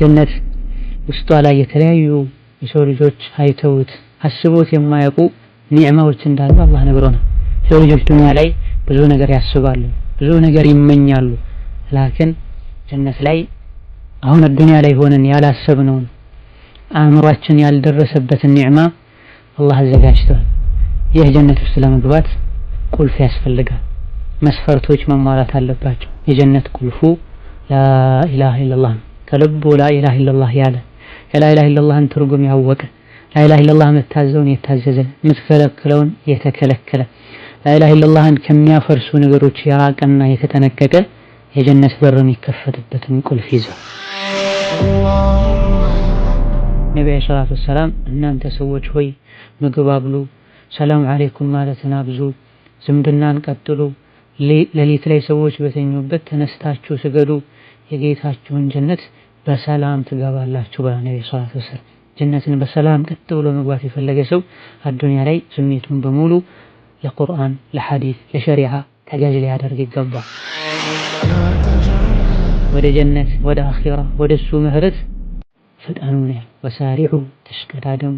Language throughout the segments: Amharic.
ጀነት ውስጧ ላይ የተለያዩ የሰው ልጆች አይተውት አስቦት የማያውቁ ኒዕማዎች እንዳሉ አላህ ነግሮናል። ሰው ልጆች ዱንያ ላይ ብዙ ነገር ያስባሉ፣ ብዙ ነገር ይመኛሉ። ላኪን ጀነት ላይ አሁን ዱንያ ላይ ሆነን ያላሰብነውን አእምሯችን ያልደረሰበትን ኒዕማ አላህ አዘጋጅቷል። ይህ ጀነት ውስጥ ለመግባት ቁልፍ ያስፈልጋል። መስፈርቶች መሟላት አለባቸው። የጀነት ቁልፉ ላኢላሃ ኢለላህ ነው። ከልቡ ላኢላህ ኢለላህ ያለ የላኢላህ ኢላላህን ትርጉም ያወቀ ላኢላህ ኢላላህ መታዘውን የታዘዘ የምትከለክለውን የተከለከለ ላኢላህ ኢላላህን ከሚያፈርሱ ነገሮች የራቀና የተጠነቀቀ የጀነት በር የሚከፈትበትን ቁልፍ ይዟል። ነቢ ሰላቱ ወሰላም እናንተ ሰዎች ሆይ ምግብ አብሉ፣ ሰላም አለይኩም ማለትን አብዙ፣ ዝምድናን ቀጥሉ፣ ሌሊት ላይ ሰዎች በተኙበት ተነስታችሁ ስገዱ፣ የጌታችሁን ጀነት በሰላም ትገባላችሁ ብላ ነቢ ሰለላሁ ዐለይሂ ወሰለም ጀነትን በሰላም ቀጥ ብሎ መግባት የፈለገ ሰው አዱንያ ላይ ስሜቱን በሙሉ ለቁርአን፣ ለሐዲስ፣ ለሸሪዓ ተገዥ ሊያደርግ ይገባል። ወደ ጀነት፣ ወደ አኺራ፣ ወደ እሱ ምህረት ፍጠኑ ነው። ወሳሪዑ ተሽቀዳደሙ፣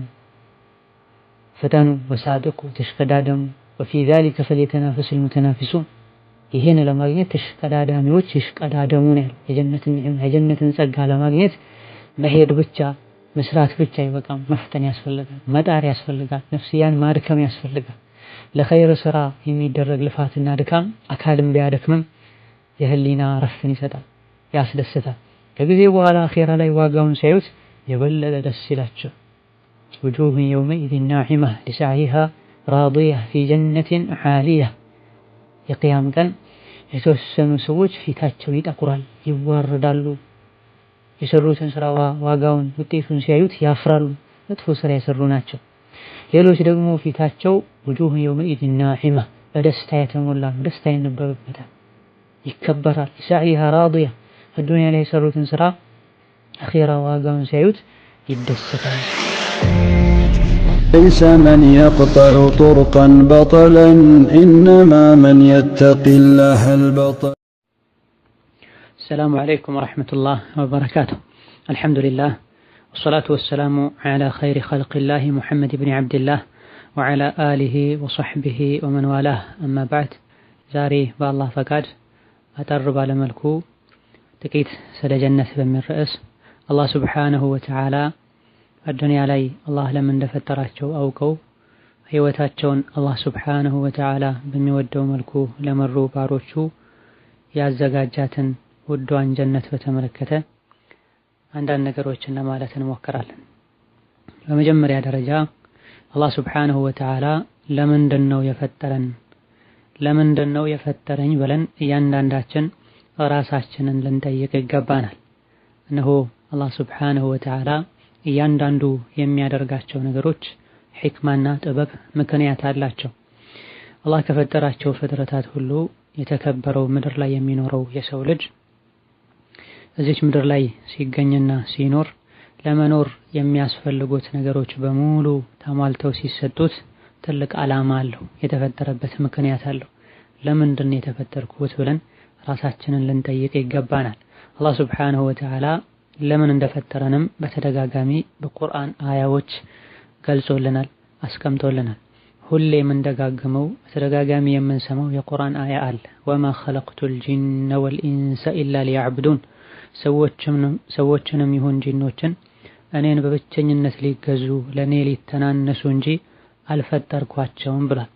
ፍጠኑ። ወሳድቁ ተሽቀዳደሙ። ወፊ ዛሊከ ፈልየተናፈስ ልሙተናፊሱን ይሄን ለማግኘት ተሽቀዳዳሚዎች ይሽቀዳደሙ ነው ያለው። የጀነትን ኒዕማ የጀነትን ጸጋ ለማግኘት መሄድ ብቻ መስራት ብቻ ይበቃም። መፍተን ያስፈልጋል፣ መጣር ያስፈልጋል፣ ነፍስያን ማድከም ያስፈልጋል። ለኸይር ስራ የሚደረግ ልፋትና ድካም አካልም ቢያደክምም የህሊና ረፍትን ይሰጣል፣ ያስደስታል። ከጊዜ በኋላ አኼራ ላይ ዋጋውን ሲያዩት የበለጠ ደስ ይላቸው። ውጁሁን የውመኢዝን ናዒማ ሊሳዕይሃ ራዲያ ፊ ጀነትን ዓሊያ የቅያም ቀን የተወሰኑ ሰዎች ፊታቸው ይጠቁራል፣ ይዋረዳሉ። የሰሩትን ስራ ዋጋውን፣ ውጤቱን ሲያዩት ያፍራሉ። መጥፎ ስራ የሰሩ ናቸው። ሌሎች ደግሞ ፊታቸው ውጁህ የውመኢድ ናዒማ በደስታ የተሞላ ነው። ደስታ ይነበብበታል፣ ይከበራል። ሳዕይሃ ራዲያ በዱንያ ላይ የሰሩትን ስራ አኺራ ዋጋውን ሲያዩት ይደሰታል። ليس من يقطع طرقا بطلا إنما من يتقي الله البطل السلام عليكم ورحمة الله وبركاته الحمد لله والصلاة والسلام على خير خلق الله محمد بن عبد الله وعلى آله وصحبه ومن والاه أما بعد زاري بالله فقد أترب على ጥቂት تكيت سلجنة من ርዕስ الله سبحانه وتعالى አዱንያ ላይ አላህ ለምን እንደፈጠራቸው አውቀው ህይወታቸውን አላህ ስብሓነሁ ወተዓላ በሚወደው መልኩ ለመሩ ባሮቹ ያዘጋጃትን ውዷን ጀነት በተመለከተ አንዳንድ ነገሮችን ለማለት እንሞክራለን። በመጀመሪያ ደረጃ አላህ ስብሓነሁ ወተዓላ ለምንድን ነው የፈጠረን? ለምንድን ነው የፈጠረኝ ብለን እያንዳንዳችን ራሳችንን ልንጠይቅ ይገባናል። እነሆ አላህ ስብሓነሁ ወተዓላ እያንዳንዱ የሚያደርጋቸው ነገሮች ሕክማና ጥበብ ምክንያት አላቸው። አላህ ከፈጠራቸው ፍጥረታት ሁሉ የተከበረው ምድር ላይ የሚኖረው የሰው ልጅ እዚች ምድር ላይ ሲገኝና ሲኖር ለመኖር የሚያስፈልጉት ነገሮች በሙሉ ተሟልተው ሲሰጡት ትልቅ ዓላማ አለው። የተፈጠረበት ምክንያት አለው። ለምንድን የተፈጠርኩት ብለን ራሳችንን ልንጠይቅ ይገባናል። አላህ ሱብሓነሁ ወተዓላ ለምን እንደፈጠረንም በተደጋጋሚ በቁርአን አያዎች ገልጾልናል፣ አስቀምጦልናል። ሁሌ የምንደጋግመው በተደጋጋሚ የምንሰማው የቁርአን አያ አለ። ወማ ኸለቅቱል ጂነ ወልኢንሰ ኢላ ሊያዕብዱን፣ ሰዎችንም ይሁን ጂኖችን እኔን በብቸኝነት ሊገዙ ለእኔ ሊተናነሱ እንጂ አልፈጠርኳቸውም ብሏል።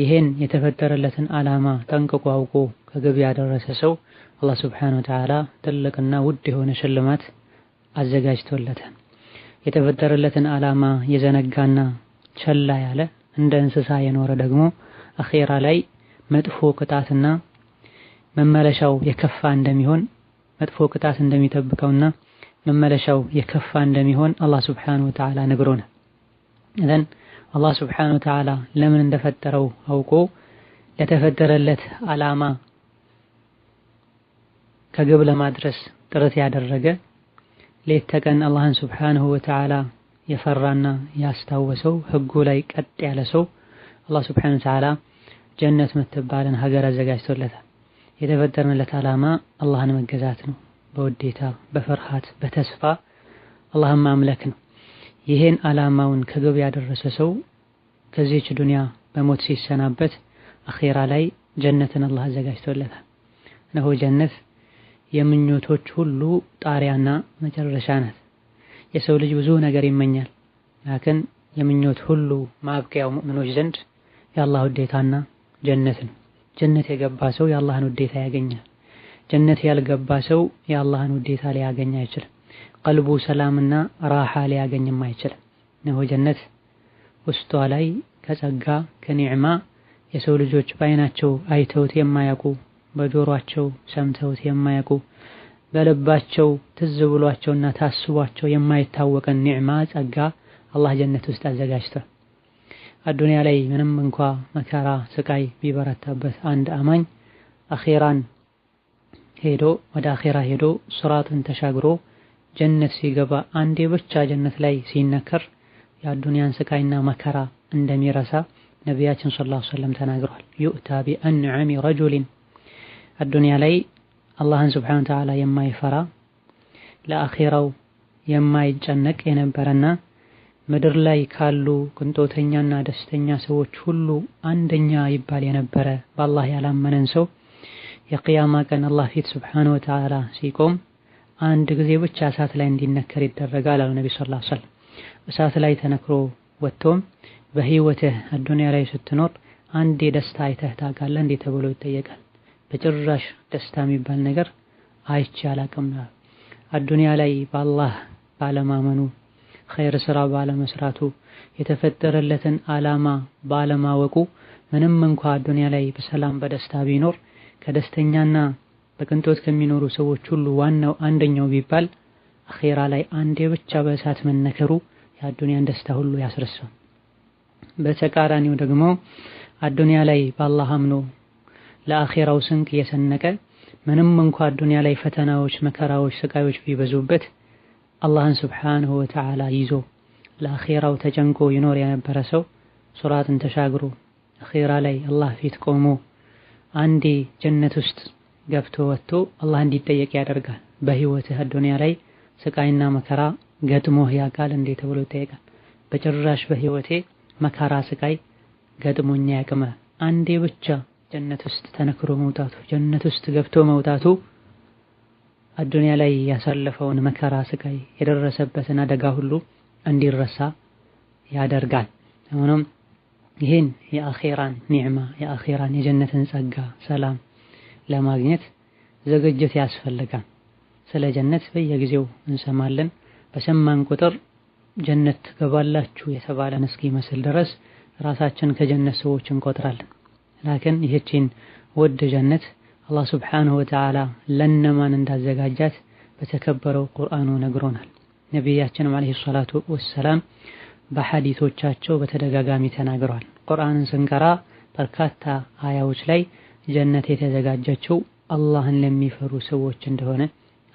ይሄን የተፈጠረለትን ዓላማ ጠንቅቆ አውቆ ከገበያ ያደረሰ ሰው አላህ ስብሓነሁ ወተዓላ ትልቅና ውድ የሆነ ሽልማት አዘጋጅቶለታል። የተፈጠረለትን ዓላማ የዘነጋና ቸላ ያለ እንደ እንስሳ የኖረ ደግሞ አኼራ ላይ መጥፎ ቅጣትና መመለሻው የከፋ እንደሚሆን መጥፎ ቅጣት እንደሚጠብቀውና መመለሻው የከፋ እንደሚሆን አላህ ስብሓነሁ ወተዓላ ነግሮናል። እዘን አላህ ስብሓነሁ ወተዓላ ለምን እንደፈጠረው አውቆ ለተፈጠረለት ዓላማ ከግብ ለማድረስ ጥረት ያደረገ ሌት ተቀን አላህን ሱብሓነሁ ወተዓላ የፈራና ያስታወሰው ህጉ ላይ ቀጥ ያለ ሰው አላህ ሱብሓነሁ ወተዓላ ጀነት ምትባልን ሀገር አዘጋጅቶለታል። የተፈጠርንለት ዓላማ አላህን መገዛት ነው። በውዴታ በፍርሃት በተስፋ አላህን ማምለክ ነው። ይሄን ዓላማውን ከግብ ያደረሰ ሰው ከዚች ዱንያ በሞት ሲሰናበት አኼራ ላይ ጀነትን አላህ አዘጋጅቶለታል። እነሆ ጀነት የምኞቶች ሁሉ ጣሪያና መጨረሻ ናት። የሰው ልጅ ብዙ ነገር ይመኛል። ላክን የምኞት ሁሉ ማብቂያው ሙእሚኖች ዘንድ የአላህ ውዴታና ጀነት ነው። ጀነት የገባ ሰው የአላህን ውዴታ ያገኛል። ጀነት ያልገባ ሰው የአላህን ውዴታ ሊያገኝ አይችልም። ቀልቡ ሰላምና ራሓ ሊያገኝም አይችልም። እነሆ ጀነት ውስጧ ላይ ከጸጋ ከኒዕማ የሰው ልጆች በአይናቸው አይተውት የማያውቁ በጆሯቸው ሰምተውት የማያውቁ በልባቸው ትዝ ብሏቸውና ታስቧቸው የማይታወቀን ኒዕማ ጸጋ አላህ ጀነት ውስጥ አዘጋጅቷል። አዱንያ ላይ ምንም እንኳ መከራ ስቃይ ቢበረታበት አንድ አማኝ አኼራን ሄዶ ወደ አኼራ ሄዶ ሱራቱን ተሻግሮ ጀነት ሲገባ አንዴ ብቻ ጀነት ላይ ሲነከር የአዱንያን ስቃይና መከራ እንደሚረሳ ነቢያችን ሰለላሁ ዐለይሂ ወሰለም ተናግሯል። ዩእታ ቢአንዓሚ ረጁሊን አዱንያ ላይ አላህን ስብሓነሁ ወተዓላ የማይፈራ ለአኼራው የማይጨነቅ የነበረና ምድር ላይ ካሉ ቅንጦተኛና ደስተኛ ሰዎች ሁሉ አንደኛ ይባል የነበረ በአላህ ያላመነን ሰው የቅያማ ቀን አላህ ፊት ስብሓነሁ ወተዓላ ሲቆም አንድ ጊዜ ብቻ እሳት ላይ እንዲነከር ይደረጋል አሉ ነቢ ሰለላሁ ዐለይሂ ወሰለም። እሳት ላይ ተነክሮ ወጥቶም በህይወትህ አዱንያ ላይ ስትኖር አንድ ደስታ አይተህ ታውቃለህ እንዴ ተብሎ ይጠየቃል። በጭራሽ ደስታ የሚባል ነገር አይቼ አላቅም። አዱንያ ላይ በአላህ ባለማመኑ ኸይር ስራ ባለመስራቱ የተፈጠረለትን አላማ ባለማወቁ ምንም እንኳ አዱንያ ላይ በሰላም በደስታ ቢኖር ከደስተኛና በቅንጦት ከሚኖሩ ሰዎች ሁሉ ዋናው አንደኛው ቢባል አኼራ ላይ አንዴ ብቻ በእሳት መነከሩ የአዱንያን ደስታ ሁሉ ያስረሳል። በተቃራኒው ደግሞ አዱንያ ላይ በአላህ አምኖ ለአኼራው ስንቅ የሰነቀ ምንም እንኳ ዱንያ ላይ ፈተናዎች፣ መከራዎች፣ ስቃዮች ቢበዙበት አላህን ስብሓንሁ ወተዓላ ይዞ ለአኼራው ተጨንቆ ይኖር የነበረ ሰው ሱራትን ተሻግሮ አኼራ ላይ አላህ ፊት ቆሞ አንዴ ጀነት ውስጥ ገብቶ ወጥቶ አላህ እንዲጠየቅ ያደርጋል። በህይወትህ ዱንያ ላይ ስቃይና መከራ ገጥሞህ ያውቃል እንዴ ተብሎ ይጠየቃል። በጭራሽ በህይወቴ መከራ ስቃይ ገጥሞኛ ያቅመ አንዴ ብቻ ጀነት ውስጥ ተነክሮ መውጣቱ ጀነት ውስጥ ገብቶ መውጣቱ አዱንያ ላይ ያሳለፈውን መከራ፣ ስቃይ፣ የደረሰበትን አደጋ ሁሉ እንዲረሳ ያደርጋል። ሆኖም ይህን የአኼራን ኒዕማ የአኼራን የጀነትን ጸጋ፣ ሰላም ለማግኘት ዝግጅት ያስፈልጋል። ስለ ጀነት በየጊዜው እንሰማለን። በሰማን ቁጥር ጀነት ትገባላችሁ የተባለን እስኪመስል ድረስ ራሳችን ከጀነት ሰዎች እንቆጥራለን። ላክን ይህችን ውድ ጀነት አላህ ስብሓንሁ ወተዓላ ለነማን እንዳዘጋጃት በተከበረው ቁርአኑ ነግሮናል። ነቢያችንም ዓለይሂ ሰላቱ ወሰላም በሐዲቶቻቸው በተደጋጋሚ ተናግረዋል። ቁርአንን ስንቀራ በርካታ አያዎች ላይ ጀነት የተዘጋጀችው አላህን ለሚፈሩ ሰዎች እንደሆነ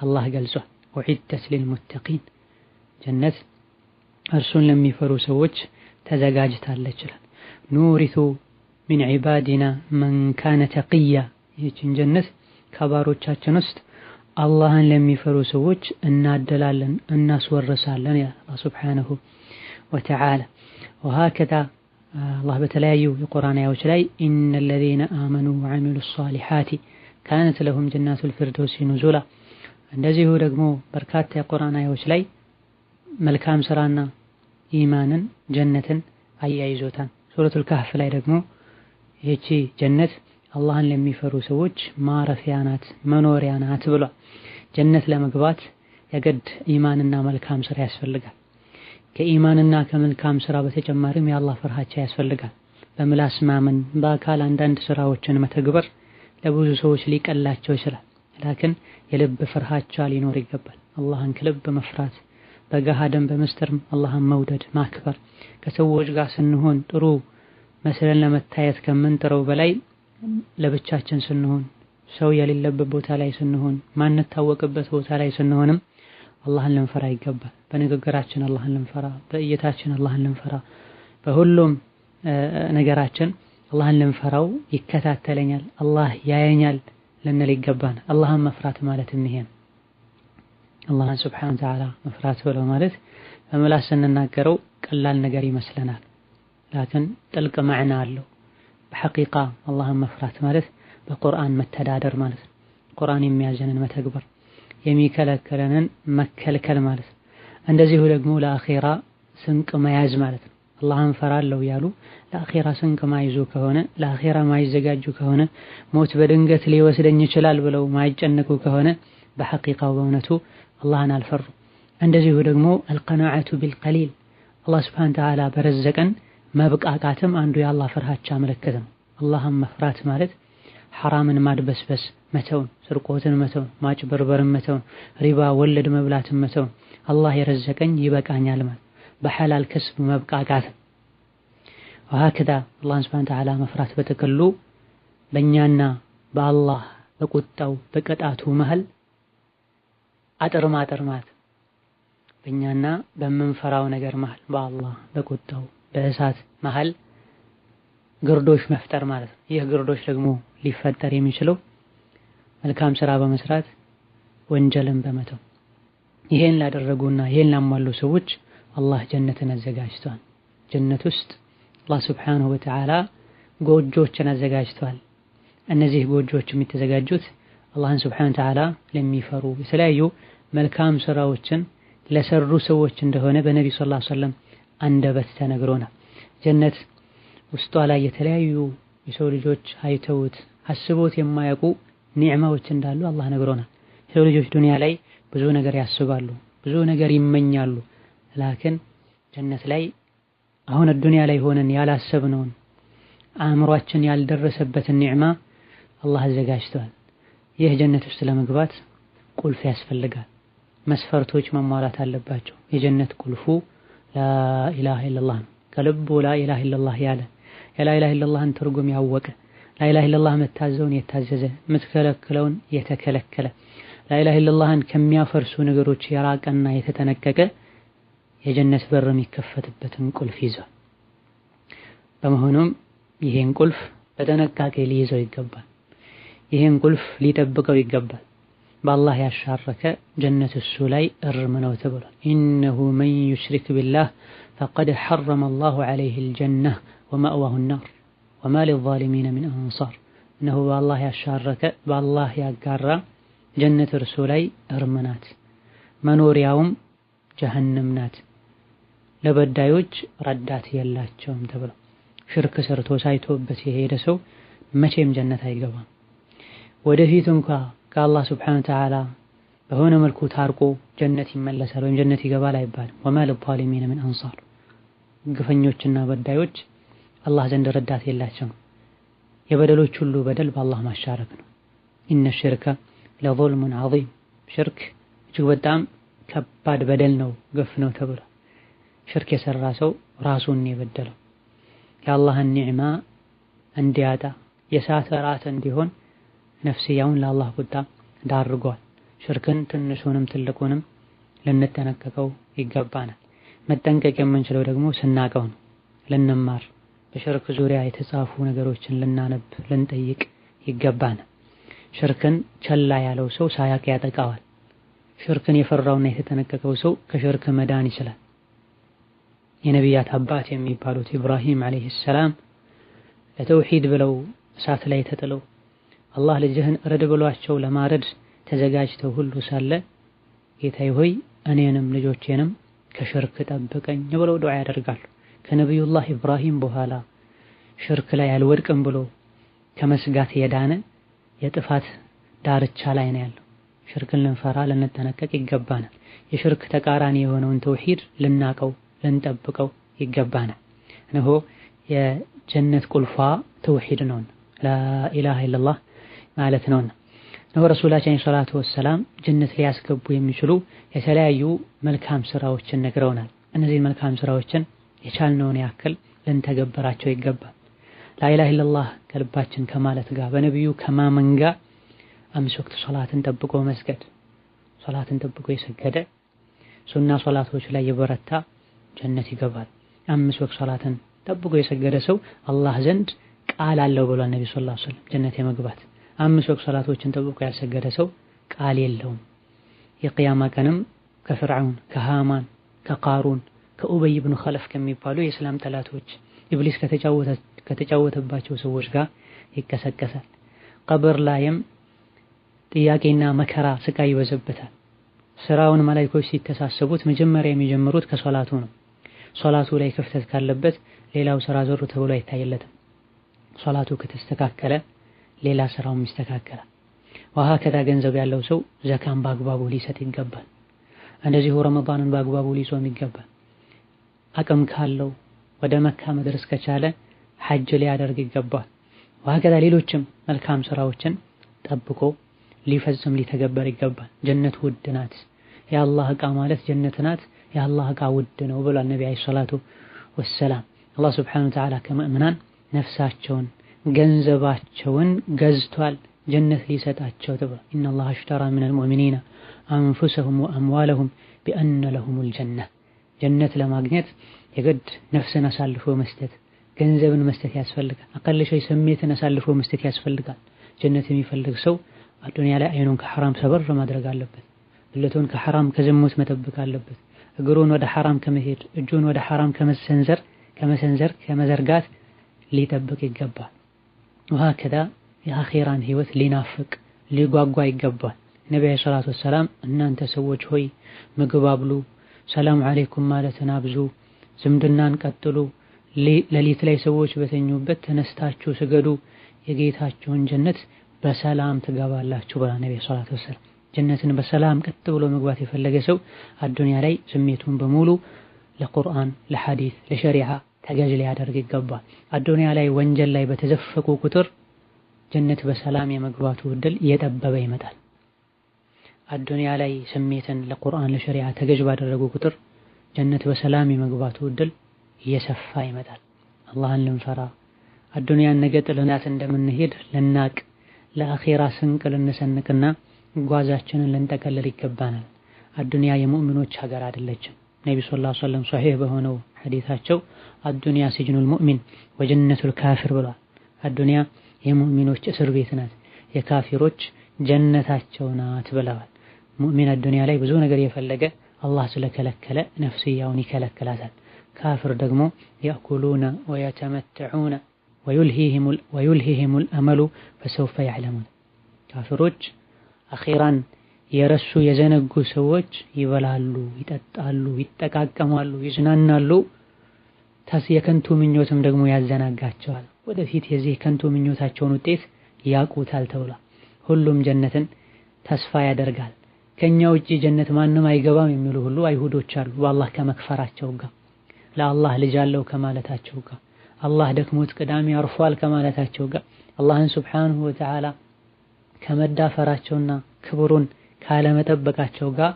አላህ ገልጿል። ኡዒደት ሊልሙተቂን ጀነት እርሱን ለሚፈሩ ሰዎች ተዘጋጅታለች ይላል ኑሪቱ ሚን ዒባዲና መን ካነ ተቅያ ይህችን ጀነት ከባሮቻችን ውስጥ አላህን ለሚፈሩ ሰዎች እናደላለን እናስወርሳለን ያ አላህ ሱብሓነሁ ወተዓላ ወሀከዛ አላህ በተለያዩ የቁርአን አያዎች ላይ ኢነ ለዚነ አመኑ ወዐሚሉ ሷሊሓቲ ካነት ለሁም ጀናቱል ፊርደውሲ ኑዙላ እንደዚሁ ደግሞ በርካታ የቁርአን አያዎች ላይ መልካም ስራና ኢማንን ጀነትን አያይዞታል ሱረቱል ካህፍ ላይ ደግሞ ይቺ ጀነት አላህን ለሚፈሩ ሰዎች ማረፊያ ናት፣ መኖሪያ ናት ብሏል። ጀነት ለመግባት የግድ ኢማንና መልካም ስራ ያስፈልጋል። ከኢማንና ከመልካም ስራ በተጨማሪም የአላህ ፍርሃቻ ያስፈልጋል። በምላስ ማመን፣ በአካል አንዳንድ ስራዎችን መተግበር ለብዙ ሰዎች ሊቀላቸው ይችላል። ላክን የልብ ፍርሃቻ ሊኖር ይገባል። አላህን ከልብ መፍራት፣ በገሃድም በምስጢርም አላህን መውደድ ማክበር፣ ከሰዎች ጋር ስንሆን ጥሩ መስለን ለመታየት ከምንጥረው በላይ ለብቻችን ስንሆን ሰው የሌለበት ቦታ ላይ ስንሆን ማንታወቅበት ቦታ ላይ ስንሆንም አላህን ልንፈራ ይገባል። በንግግራችን አላህን ልንፈራ፣ በእይታችን አላህን ልንፈራ፣ በሁሉም ነገራችን አላህን ልንፈራው ይከታተለኛል፣ አላህ ያየኛል ልንል ይገባን። አላህን መፍራት ማለት ይሄን አላህን ስብሓነሁ ወተዓላ መፍራት ብለው ማለት በምላስ ስንናገረው ቀላል ነገር ይመስለናል። لكن تلقى معنى له بحقيقة اللهم فرات مالث بقرآن متدادر مالث قرآن يميزن ما تكبر يميكل كلن مكل كل مالث عند زيه لقمو لأخيرا سنك ما يعز مالث الله مفرال لو يالو لأخيرا سنك ما يزوك هنا لأخيرا ما يزجاجوك هنا موت بدنقت لي وسدن يشلال ولو ما يجنكوك هنا بحقيقة وبونته الله نالفر عند زيه لقمو القناعة بالقليل الله سبحانه وتعالى برزقا መብቃቃትም አንዱ የአላህ ፍርሃቻ ምልክት ነው። አላህን መፍራት ማለት ሐራምን ማድበስበስ መተውን፣ ስርቆትን መተውን፣ ማጭበርበርን መተውን፣ ሪባ ወለድ መብላትን መተውን፣ አላህ የረዘቀኝ ይበቃኛል ማለት በሐላል ክስብ መብቃቃት ወሀከዛ አላህን ሱብሓነሁ ወተዓላ መፍራት በጥቅሉ በእኛና በአላህ በቁጣው በቅጣቱ መሃል አጥር ማጥር ማለት በእኛና በምንፈራው ነገር መሃል በአላህ በቁጣው በእሳት መሃል ግርዶሽ መፍጠር ማለት ነው። ይህ ግርዶሽ ደግሞ ሊፈጠር የሚችለው መልካም ስራ በመስራት ወንጀልን በመተው ይሄን ላደረጉና ይሄን ላሟሉ ሰዎች አላህ ጀነትን አዘጋጅቷል። ጀነት ውስጥ አላህ ስብሓንሁ ወተዓላ ጎጆችን አዘጋጅቷል። እነዚህ ጎጆች የሚተዘጋጁት አላህን ስብሓነሁ ወተዓላ ለሚፈሩ የተለያዩ መልካም ስራዎችን ለሰሩ ሰዎች እንደሆነ በነቢ ሰለላሁ ዐለይሂ ወሰለም አንደበት ተነግሮናል። ጀነት ውስጧ ላይ የተለያዩ የሰው ልጆች አይተውት አስቦት የማያውቁ ኒዕማዎች እንዳሉ አላህ ነግሮናል። የሰው ልጆች ዱንያ ላይ ብዙ ነገር ያስባሉ፣ ብዙ ነገር ይመኛሉ። ላክን ጀነት ላይ አሁን ዱንያ ላይ ሆነን ያላሰብነውን አእምሯችን ያልደረሰበትን ኒዕማ አላህ አዘጋጅቷል። ይህ ጀነት ውስጥ ለመግባት ቁልፍ ያስፈልጋል። መስፈርቶች መሟላት አለባቸው። የጀነት ቁልፉ ላኢላሃ ኢለላህ ነው። ከልቡ ላኢላሃ ኢለላህ ያለ የላኢላህ ኢለላህን ትርጉም ያወቀ ላኢላሃ ኢለላህ መታዘውን የታዘዘ የምትከለክለውን የተከለከለ ላኢላህ ኢለላህን ከሚያፈርሱ ነገሮች የራቀና የተጠነቀቀ የጀነት በር የሚከፈትበትን ቁልፍ ይዟል። በመሆኑም ይሄን ቁልፍ በጥንቃቄ ሊይዘው ይገባል። ይሄን ቁልፍ ሊጠብቀው ይገባል። بالله يشارك جنة السلي ارمنو تبل إنه من يشرك بالله فقد حرم الله عليه الجنة ومأواه النار وما للظالمين من أنصار إنه بالله يشارك بالله يقرى جنة السلي ارمنات منور يوم جهنم نات لابد ለበዳዮች ረዳት የላቸውም ተብለው ሽርክ ሰርቶ ሳይቶበት የሄደ ሰው መቼም ጀነት አይገባም። ወደፊት እንኳ ከአላህ ስብሓነሁ ወተዓላ በሆነ መልኩ ታርቆ ጀነት ይመለሳል ወይም ጀነት ይገባል አይባልም። ወማ ሊዛሊሚነ ሚን አንሳር ግፈኞችና በዳዮች አላህ ዘንድ ረዳት የላቸውም። የበደሎች ሁሉ በደል በአላህ ማሻረክ ነው። ኢነ ሽርከ ለዙልሙን ዐዚም ሽርክ እጅግ በጣም ከባድ በደል ነው፣ ግፍ ነው ተብሏል። ሽርክ የሰራ ሰው ራሱን የበደለው የአላህን ኒዕማ እንዲያጣ የሳተ ራት እንዲሆን ነፍስያውን ለአላህ ቁጣ ዳርጓል። ሽርክን ትንሹንም ትልቁንም ልንጠነቀቀው ይገባናል። መጠንቀቅ የምንችለው ደግሞ ስናቀው ነው። ልንማር፣ በሽርክ ዙሪያ የተጻፉ ነገሮችን ልናነብ፣ ልንጠይቅ ይገባናል። ሽርክን ቸላ ያለው ሰው ሳያቅ ያጠቃዋል። ሽርክን የፈራውና የተጠነቀቀው ሰው ከሽርክ መዳን ይችላል። የነቢያት አባት የሚባሉት ኢብራሂም ዓለይሂ ሰላም ለተውሂድ ብለው እሳት ላይ ተጥለው አላህ ልጅህን እረድ ብሏቸው ለማረድ ተዘጋጅተው ሁሉ ሳለ ጌታዬ ሆይ እኔንም ልጆቼንም ከሽርክ ጠብቀኝ ብለው ዱዓ ያደርጋሉ። ከነቢዩላህ ኢብራሂም በኋላ ሽርክ ላይ አልወድቅም ብሎ ከመስጋት የዳነ የጥፋት ዳርቻ ላይ ነው ያለው። ሽርክን ልንፈራ ልንጠነቀቅ ይገባናል። የሽርክ ተቃራኒ የሆነውን ተውሂድ ልናቀው ልንጠብቀው ይገባናል። እነሆ የጀነት ቁልፏ ተውሂድ ነው። ላኢላሃ ኢለላህ ማለት ነውና ነው ረሱላችን ሰላቱ ወሰላም ጀነት ሊያስገቡ የሚችሉ የተለያዩ መልካም ስራዎችን ነግረውናል። እነዚህን መልካም ስራዎችን የቻልነውን ያክል ልንተገበራቸው ይገባል። ላኢላሃ ኢለላህ ከልባችን ከማለት ጋር በነቢዩ ከማመን ጋር አምስት ወቅት ሶላትን ጠብቆ መስገድ፣ ሶላትን ጠብቆ የሰገደ ሱና ሶላቶች ላይ የበረታ ጀነት ይገባል። አምስት ወቅት ሶላትን ጠብቆ የሰገደ ሰው አላህ ዘንድ ቃል አለው ብሏል ነቢ ሰለላሁ ዐለይሂ ወሰለም ጀነት የመግባት አምስት ወቅት ሰላቶችን ጠብቆ ያሰገደ ሰው ቃል የለውም። የቅያማ ቀንም ከፍርዓውን፣ ከሃማን፣ ከቃሩን፣ ከኡበይ ብኑ ኸለፍ ከሚባሉ የእስላም ጠላቶች ኢብሊስ ከተጫወተባቸው ሰዎች ጋር ይቀሰቀሳል። ቀብር ላይም ጥያቄና መከራ ስቃይ ይበዘበታል። ስራውን መላይኮች ሲተሳሰቡት መጀመሪያ የሚጀምሩት ከሶላቱ ነው። ሶላቱ ላይ ክፍተት ካለበት ሌላው ስራ ዘሩ ተብሎ አይታየለትም። ሶላቱ ከተስተካከለ ሌላ ስራውም ይስተካከላል። ውሃ ከዳ ገንዘብ ያለው ሰው ዘካን በአግባቡ ሊሰጥ ይገባል። እንደዚሁ ረመዳንን በአግባቡ ሊጾም ይገባል። አቅም ካለው ወደ መካ መድረስ ከቻለ ሐጅ ሊያደርግ ይገባል። ወሀከዛ ሌሎችም መልካም ስራዎችን ጠብቆ ሊፈጽም ሊተገበር ይገባል። ጀነት ውድ ናት። የአላህ እቃ ማለት ጀነት ናት። የአላህ እቃ ውድ ነው ብሏል ነቢ ዓለይሂ ሰላቱ ወሰላም። አላህ ስብሓነሁ ወተዓላ ከምእምናን ነፍሳቸውን ገንዘባቸውን ገዝቷል ጀነት ሊሰጣቸው ተብሏል። ኢነላህ አሽተራ ሚነል ሙእሚኒና አንፉሰሁም ወአምዋለሁም ቢአነ ለሁሙል ጀና ጀነት ለማግኘት የግድ ነፍስን አሳልፎ መስጠት፣ ገንዘብን መስጠት ያስፈልጋል። አካልሻዊ ስሜትን አሳልፎ መስጠት ያስፈልጋል። ጀነት የሚፈልግ ሰው አዱንያ ላይ አይኑን ከሐራም ሰበር ማድረግ አለበት። ብልቱን ከሐራም ከዝሙት መጠበቅ አለበት። እግሩን ወደ ሐራም ከመሄድ እጁን ወደ ሐራም ከመሰንዘር ከመሰንዘር ከመዘርጋት ሊጠብቅ ይገባል። ወሀከዳ የአኼራን ህይወት ሊናፍቅ ሊጓጓ ይገባል። ነቢዩ ሰላቱ ወሰላም እናንተ ሰዎች ሆይ ምግብ አብሉ፣ ሰላም አሌይኩም ማለትን አብዙ፣ ዝምድናን ቀጥሉ፣ ሌሊት ላይ ሰዎች በተኙበት ተነስታችሁ ስገዱ፣ የጌታችሁን ጀነት በሰላም ትገባላችሁ ብላ ነቢዩ ሰላቱ ወሰላም። ጀነትን በሰላም ቀጥ ብሎ መግባት የፈለገ ሰው አዱንያ ላይ ስሜቱን በሙሉ ለቁርአን፣ ለሐዲስ፣ ለሸሪዓ ተገዥ ሊያደርግ ይገባል። አዱንያ ላይ ወንጀል ላይ በተዘፈቁ ቁጥር ጀነት በሰላም የመግባቱ እድል እየጠበበ ይመጣል። አዱንያ ላይ ስሜትን ለቁርአን ለሸሪዓ ተገዥ ባደረጉ ቁጥር ጀነት በሰላም የመግባቱ እድል እየሰፋ ይመጣል። አላህን ልንፈራ አዱንያን ነገ ጥለናት እንደምንሄድ ልናቅ ለአኼራ ስንቅ ልንሰንቅና ጓዛችንን ልንጠቀልል ይገባናል። አዱንያ የሙእሚኖች ሀገር አይደለችም። ነቢ ሰለላሁ ዐለይሂ ወሰለም ሶሒህ በሆነው ሐዲታቸው አዱንያ ሲጅኑል ሙእሚን ወጀነቱል ካፊር ብሏል። አዱንያ የሙእሚኖች እስር ቤት ናት፣ የካፊሮች ጀነታቸው ናት ብለዋል። ሙእሚን አዱንያ ላይ ብዙ ነገር የፈለገ አላህ ስለከለከለ ነፍስያውን ይከለክላታል። ካፍር ደግሞ ያእኩሉነ ወየተመተዑነ ወዩልሂሂሙል አመሉ ፈሰውፈ ያዕለሙን ካፍሮች አኼራን የረሱ የዘነጉ ሰዎች ይበላሉ፣ ይጠጣሉ፣ ይጠቃቀማሉ፣ ይዝናናሉ። የከንቱ ምኞትም ደግሞ ያዘናጋቸዋል። ወደፊት የዚህ ከንቱ ምኞታቸውን ውጤት ያቁታል ተብሏል። ሁሉም ጀነትን ተስፋ ያደርጋል። ከኛ ውጪ ጀነት ማንም አይገባም የሚሉ ሁሉ አይሁዶች አሉ። በአላህ ከመክፈራቸው ጋር ለአላህ ልጅ አለው ከማለታቸው ጋር አላህ ደክሞት ቅዳሜ አርፏል ከማለታቸው ጋር አላህን ሱብሓነሁ ወተዓላ ከመዳፈራቸውና ክብሩን ካለመጠበቃቸው ጋር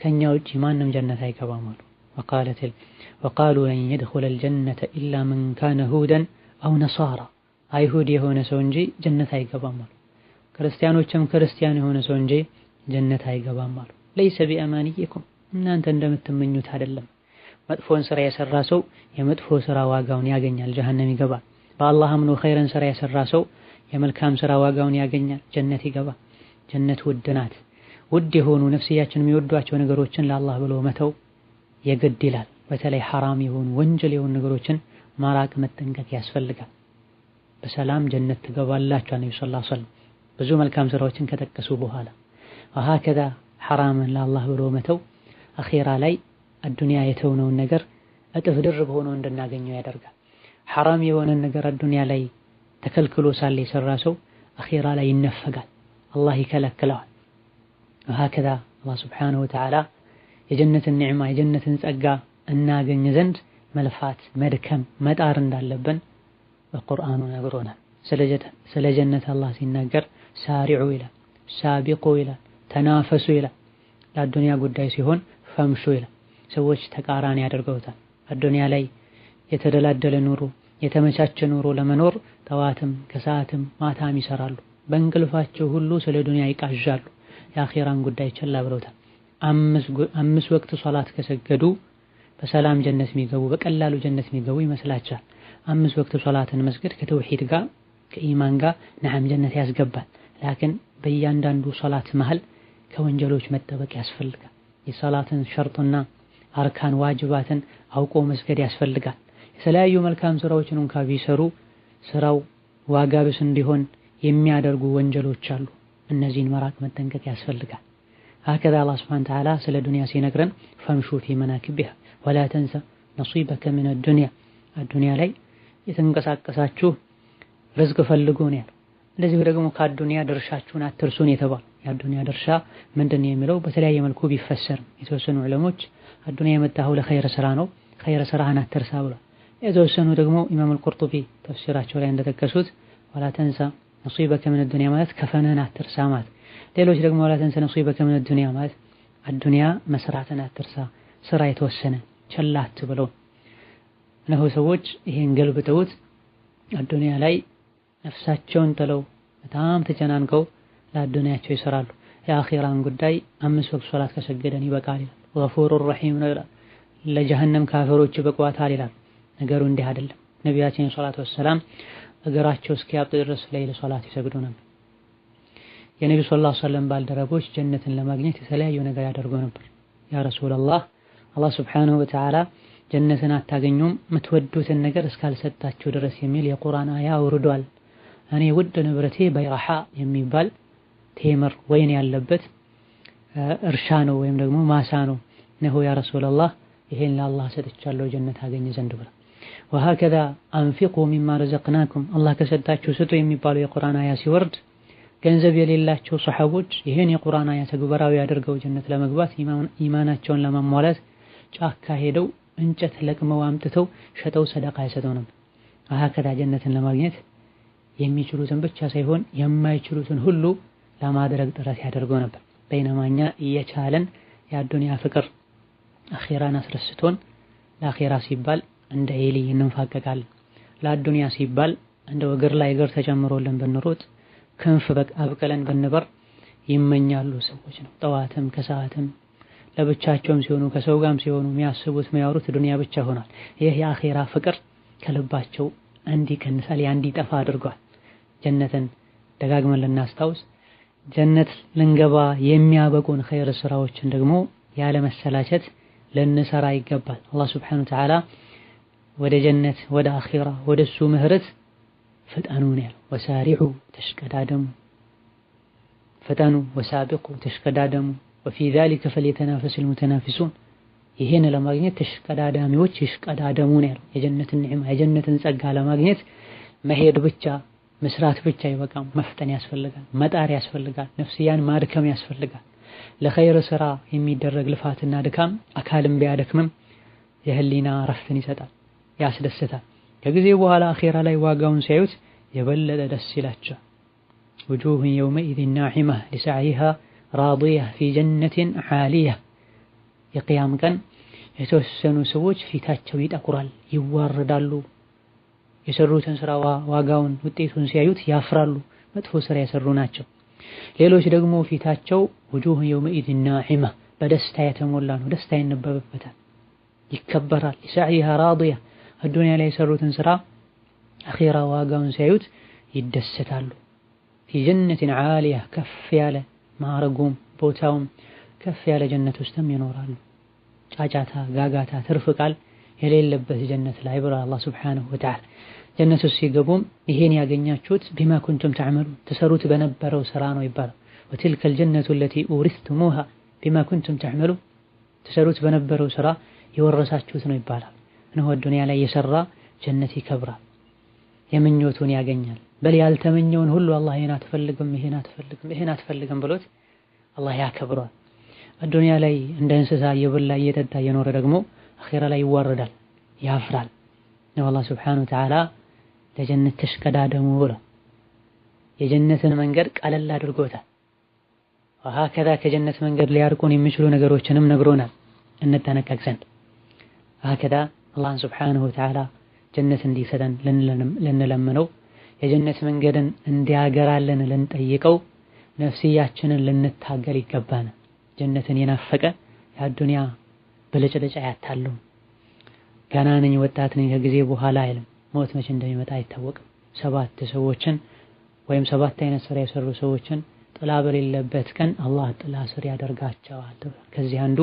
ከኛ ውጭ ማንም ጀነት አይገባም አሉ። ወቃለትል ወቃሉ ለን የድኹለል ጀነተ ኢላ መን ካነ ሁደን አው ነሳራ አይሁድ የሆነ ሰው እንጂ ጀነት አይገባም አሉ። ክርስቲያኖችም ክርስቲያን የሆነ ሰው እንጂ ጀነት አይገባም አሉ። ለይሰ ቢአማንይኩም እናንተ እንደምትመኙት አይደለም። መጥፎን ስራ የሰራ ሰው የመጥፎ ስራ ዋጋውን ያገኛል፣ ጀሀነም ይገባል። በአላህ አምኖ ኸይረን ስራ የሰራ ሰው የመልካም ስራ ዋጋውን ያገኛል፣ ጀነት ይገባል። ጀነት ውድ ናት። ውድ የሆኑ ነፍስያችን የሚወዷቸው ነገሮችን ለአላህ ብሎ መተው የግድ ይላል። በተለይ ሐራም የሆኑ ወንጀል የሆኑ ነገሮችን ማራቅ መጠንቀቅ ያስፈልጋል። በሰላም ጀነት ትገባላችሁ አለ ነብዩ ሰለላሁ ዐለይሂ ወሰለም ብዙ መልካም ስራዎችን ከጠቀሱ በኋላ ወሀከዛ ሐራምን ለአላህ ብሎ መተው አኼራ ላይ አዱንያ የተውነውን ነገር እጥፍ ድርብ ሆኖ እንድናገኘው ያደርጋል። ሐራም የሆነን ነገር አዱንያ ላይ ተከልክሎ ሳለ የሰራ ሰው አኼራ ላይ ይነፈጋል፣ አላህ ይከለክለዋል። ወሀከዛ አላህ ሱብሓነሁ ወተዓላ የጀነትን ኒዕማ የጀነትን ጸጋ እናገኝ ዘንድ መልፋት፣ መድከም፣ መጣር እንዳለብን በቁርአኑ ነግሮናል። ስለ ጀነት አላህ ሲናገር ሳሪዑ ይላል፣ ሳቢቁ ይላል፣ ተናፈሱ ይላል። ለአዱንያ ጉዳይ ሲሆን ፈምሹ ይላል። ሰዎች ተቃራኒ ያደርገውታል። አዱንያ ላይ የተደላደለ ኑሮ፣ የተመቻቸ ኑሮ ለመኖር ጠዋትም ከሰዓትም ማታም ይሰራሉ። በእንቅልፋቸው ሁሉ ስለ ዱንያ ይቃዣሉ። የአኼራን ጉዳይ ችላ ብለውታል። አምስት ወቅት ሶላት ከሰገዱ በሰላም ጀነት የሚገቡ በቀላሉ ጀነት የሚገቡ ይመስላቸዋል። አምስት ወቅት ሶላትን መስገድ ከተውሂድ ጋር ከኢማን ጋር ነዓም ጀነት ያስገባል። ላኪን በእያንዳንዱ ሶላት መሃል ከወንጀሎች መጠበቅ ያስፈልጋል። የሶላትን ሸርጡና አርካን ዋጅባትን አውቆ መስገድ ያስፈልጋል። የተለያዩ መልካም ስራዎችን እንኳ ቢሰሩ ስራው ዋጋ ቢስ እንዲሆን የሚያደርጉ ወንጀሎች አሉ። እነዚህን መራቅ መጠንቀቅ ያስፈልጋል። ሀከዛ አላህ ሱብሓነሁ ወተዓላ ስለ ዱንያ ሲነግረን ፈምሹ ፊ መናኪቢሃ ወላ ተንሳ ነሲበከ ሚነ ዱንያ አዱንያ ላይ የተንቀሳቀሳችሁ ርዝቅ ፈልጉ ነው ያለው። እንደዚሁ ደግሞ ከአዱንያ ድርሻችሁን አትርሱን የተባሉ የአዱንያ ድርሻ ምንድን የሚለው በተለያየ መልኩ ቢፈሰርም የተወሰኑ ዑለሞች አዱንያ የመጣኸው ለኸይር ስራ ነው፣ ኸይር ስራህን አትርሳ ብሏል። የተወሰኑ ደግሞ ኢማም አልቁርጡቢ ተፍሲራቸው ላይ እንደጠቀሱት ወላ ተንሳ ነሲበከ ምን ዱንያ ማለት ከፈንህን አትርሳ ማለት። ሌሎች ደግሞ ወላተንሰ ነሲበከ ምን ዱንያ ማለት አዱንያ መስራትን አትርሳ፣ ስራ የተወሰነ ቸላ አትበለው። እነሆ ሰዎች ይሄን ገልብጠውት አዱንያ ላይ ነፍሳቸውን ጥለው በጣም ተጨናንቀው ለአዱንያቸው ይሰራሉ። የአኺራን ጉዳይ አምስት ወቅት ሶላት ከሰገደን ይበቃል ይላል። ገፉሩ ረሂም ነው ይላል። ለጀሀነም ካፈሮች ይበቃዋታል ይላል። ነገሩ እንዲህ አይደለም። ነቢያችን ሰላቱ ወሰላም እግራቸው እስኪያብጥ ድረስ ለይል ሶላት ይሰግዱ ነበር። የነቢ ሰለላሁ ዐለይሂ ወሰለም ባልደረቦች ጀነትን ለማግኘት የተለያዩ ነገር ያደርጉ ነበር። ያ ረሱላላህ አላህ ስብሓነሁ ወተዓላ ጀነትን አታገኙም የምትወዱትን ነገር እስካልሰጣችሁ ድረስ የሚል የቁርአን አያ አውርዷል። እኔ ውድ ንብረቴ በይረሓ የሚባል ቴምር ወይን ያለበት እርሻ ነው ወይም ደግሞ ማሳ ነው። ነሆ ያ ረሱላላህ ይሄን ለአላህ ሰጥቻለሁ ጀነት አገኘ ዘንድ ብላ ወሀከዛ አንፊቁ ሚማ ረዘቅናኩም አላህ ከሰጣችሁ ስጡ የሚባለው የቁርአን አያ ሲወርድ ገንዘብ የሌላቸው ሰሐቦች ይህን የቁርአን አያ ተግባራዊ አድርገው ጀነት ለመግባት ኢማናቸውን ለማሟላት ጫካ ሄደው እንጨት ለቅመው አምጥተው ሸጠው ሰደቃ ይሰጠው ነበር። ወሀከዛ ጀነትን ለማግኘት የሚችሉትን ብቻ ሳይሆን የማይችሉትን ሁሉ ለማድረግ ጥረት ያደርገው ነበር። በይነማ እኛ እየቻለን የአዱንያ ፍቅር አኼራን አስረስቶን ለአኼራ ሲባል እንደ ኤሊ እንንፋቀቃለን። ለአዱንያ ሲባል እንደ እግር ላይ እግር ተጨምሮልን ብንሮጥ ክንፍ አብቅለን ብንበር ይመኛሉ ሰዎች ነው። ጠዋትም ከሰዓትም ለብቻቸውም ሲሆኑ ከሰው ጋርም ሲሆኑ የሚያስቡት የሚያወሩት ዱንያ ብቻ ሆኗል። ይህ የአኼራ ፍቅር ከልባቸው እንዲቀንሳል ያ እንዲጠፋ አድርጓል። ጀነትን ደጋግመን ልናስታውስ ጀነት ልንገባ የሚያበቁን ኸይር ስራዎችን ደግሞ ያለመሰላቸት ልንሰራ ይገባል። አላህ ሱብሓነሁ ወተዓላ ወደ ጀነት ወደ አኺራ ወደ እሱ ምህረት ፍጠኑ ነው ያለው። ወሳሪዑ ተሽቀዳደሙ፣ ፍጠኑ ወሳቢቁ ተሽቀዳደሙ፣ ወፊ ዛሊከ ፈልየተናፈስ ልሙተናፊሱን ይሄን ለማግኘት ተሽቀዳዳሚዎች ይሽቀዳደሙ ነው ያለው። የጀነትን ኒዕማ የጀነትን ጸጋ ለማግኘት መሄድ ብቻ መስራት ብቻ ይበቃም። መፍጠን ያስፈልጋል፣ መጣር ያስፈልጋል፣ ነፍስያን ማድከም ያስፈልጋል። ለኸይር ስራ የሚደረግ ልፋትና ድካም አካልም ቢያደክምም የህሊና ረፍትን ይሰጣል። ያስደስታል። ከጊዜ በኋላ አኼራ ላይ ዋጋውን ሲያዩት የበለጠ ደስ ይላቸው። ውጁሁን የውመኢዝን ናዒማ ሊሳዕይሃ ራድያ ፊ ጀነትን ዓሊያ። የቅያም ቀን የተወሰኑ ሰዎች ፊታቸው ይጠቁራል፣ ይዋረዳሉ። የሰሩትን ስራ ዋጋውን ውጤቱን ሲያዩት ያፍራሉ፣ መጥፎ ስራ የሰሩ ናቸው። ሌሎች ደግሞ ፊታቸው ውጁሁን የውመኢዝን ናዒማ በደስታ የተሞላ ነው፣ ደስታ ይነበብበታል፣ ይከበራል። ሊሳዕይሃ ራዲያ ዱንያ ላይ የሰሩትን ስራ አኺራ ዋጋውን ሲያዩት ይደሰታሉ። ፊ ጀነትን ዓሊያ ከፍ ያለ ማዕረጉም ቦታውም ከፍ ያለ ጀነት ውስጥም ይኖራሉ። ጫጫታ፣ ጋጋታ፣ ትርፍ ቃል የሌለበት ጀነት ላይ ብሏል አላህ ሱብሓነሁ ወተዓላ። ጀነት ውስጥ ሲገቡም ይሄን ያገኛችሁት ቢማ ኩንቱም ተዕመሉ ትሰሩት በነበረው ስራ ነው ይባላል። ወትልከል ጀነቱ ለቲ ኡሪስትሙሃ ቢማ ኩንቱም ተዕመሉ ትሰሩት በነበረው ስራ የወረሳችሁት ነው ይባላል። ነው ዱንያ ላይ የሰራ ጀነት ይከብራል፣ የምኞቱን ያገኛል። በል ያልተመኘውን ሁሉ አላህ ይሄን አትፈልግም፣ ይሄን አትፈልግም፣ ይሄን አትፈልግም ብሎት አላህ ያከብሯል። በዱንያ ላይ እንደ እንስሳ እየበላ እየጠጣ እየኖረ ደግሞ አኼራ ላይ ይዋረዳል፣ ያፍራል። ነው አላህ ስብሓነሁ ወተዓላ ለጀነት ተሽቀዳደሙ ብሏል። የጀነትን መንገድ ቀለል አድርጎታል። ወሀከዛ ከጀነት መንገድ ሊያርቁን የሚችሉ ነገሮችንም ነግሮናል እንጠነቀቅ ዘንድ ወሀከዛ አላህን ስብሓንሁ ወተዓላ ጀነት እንዲሰጠን ልንለምነው የጀነት መንገድን እንዲያገራልን ልንጠይቀው ነፍስያችንን ልንታገል ይገባን። ጀነትን የናፈቀ የአዱንያ ብልጭልጭ አያታለውም። ገና ነኝ ወጣት ነኝ ከጊዜ በኋላ አይልም። ሞት መቼ እንደሚመጣ አይታወቅም። ሰባት ሰዎችን ወይም ሰባት አይነት ስራ የሰሩ ሰዎችን ጥላ በሌለበት ቀን አላህ ጥላ ስር ያደርጋቸዋል። ከዚህ አንዱ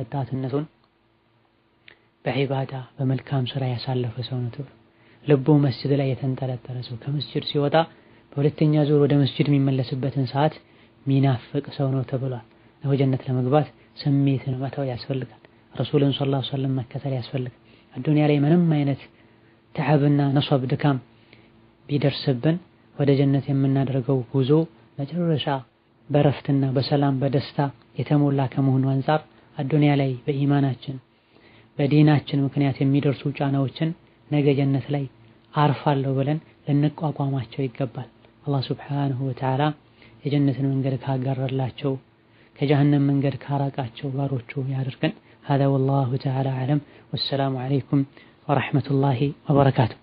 ወጣትነቱን በዒባዳ በመልካም ስራ ያሳለፈ ሰው ነው ተብሎ ልቡ መስጅድ ላይ የተንጠለጠለ ሰው ከመስጅድ ሲወጣ በሁለተኛ ዙር ወደ መስጅድ የሚመለስበትን ሰዓት ሚናፍቅ ሰው ነው ተብሏል። ነው ጀነት ለመግባት ስሜትን መተው ያስፈልጋል። ረሱልን ሰለላሁ ዐለይሂ ወሰለም መከተል ያስፈልጋል። አዱንያ ላይ ምንም አይነት ተዓብና ነሷብ ድካም ቢደርስብን ወደ ጀነት የምናደርገው ጉዞ መጨረሻ በረፍትና በሰላም በደስታ የተሞላ ከመሆኑ አንፃር አዱንያ ላይ በኢማናችን በዲናችን ምክንያት የሚደርሱ ጫናዎችን ነገ ጀነት ላይ አርፋለሁ ብለን ልንቋቋማቸው ይገባል። አላህ ሱብሓነሁ ወተዓላ የጀነትን መንገድ ካጋረላቸው ከጀሃነም መንገድ ካራቃቸው ባሮቹ ያደርገን። هذا والله تعالى أعلم والسلام عليكم ورحمة الله وبركاته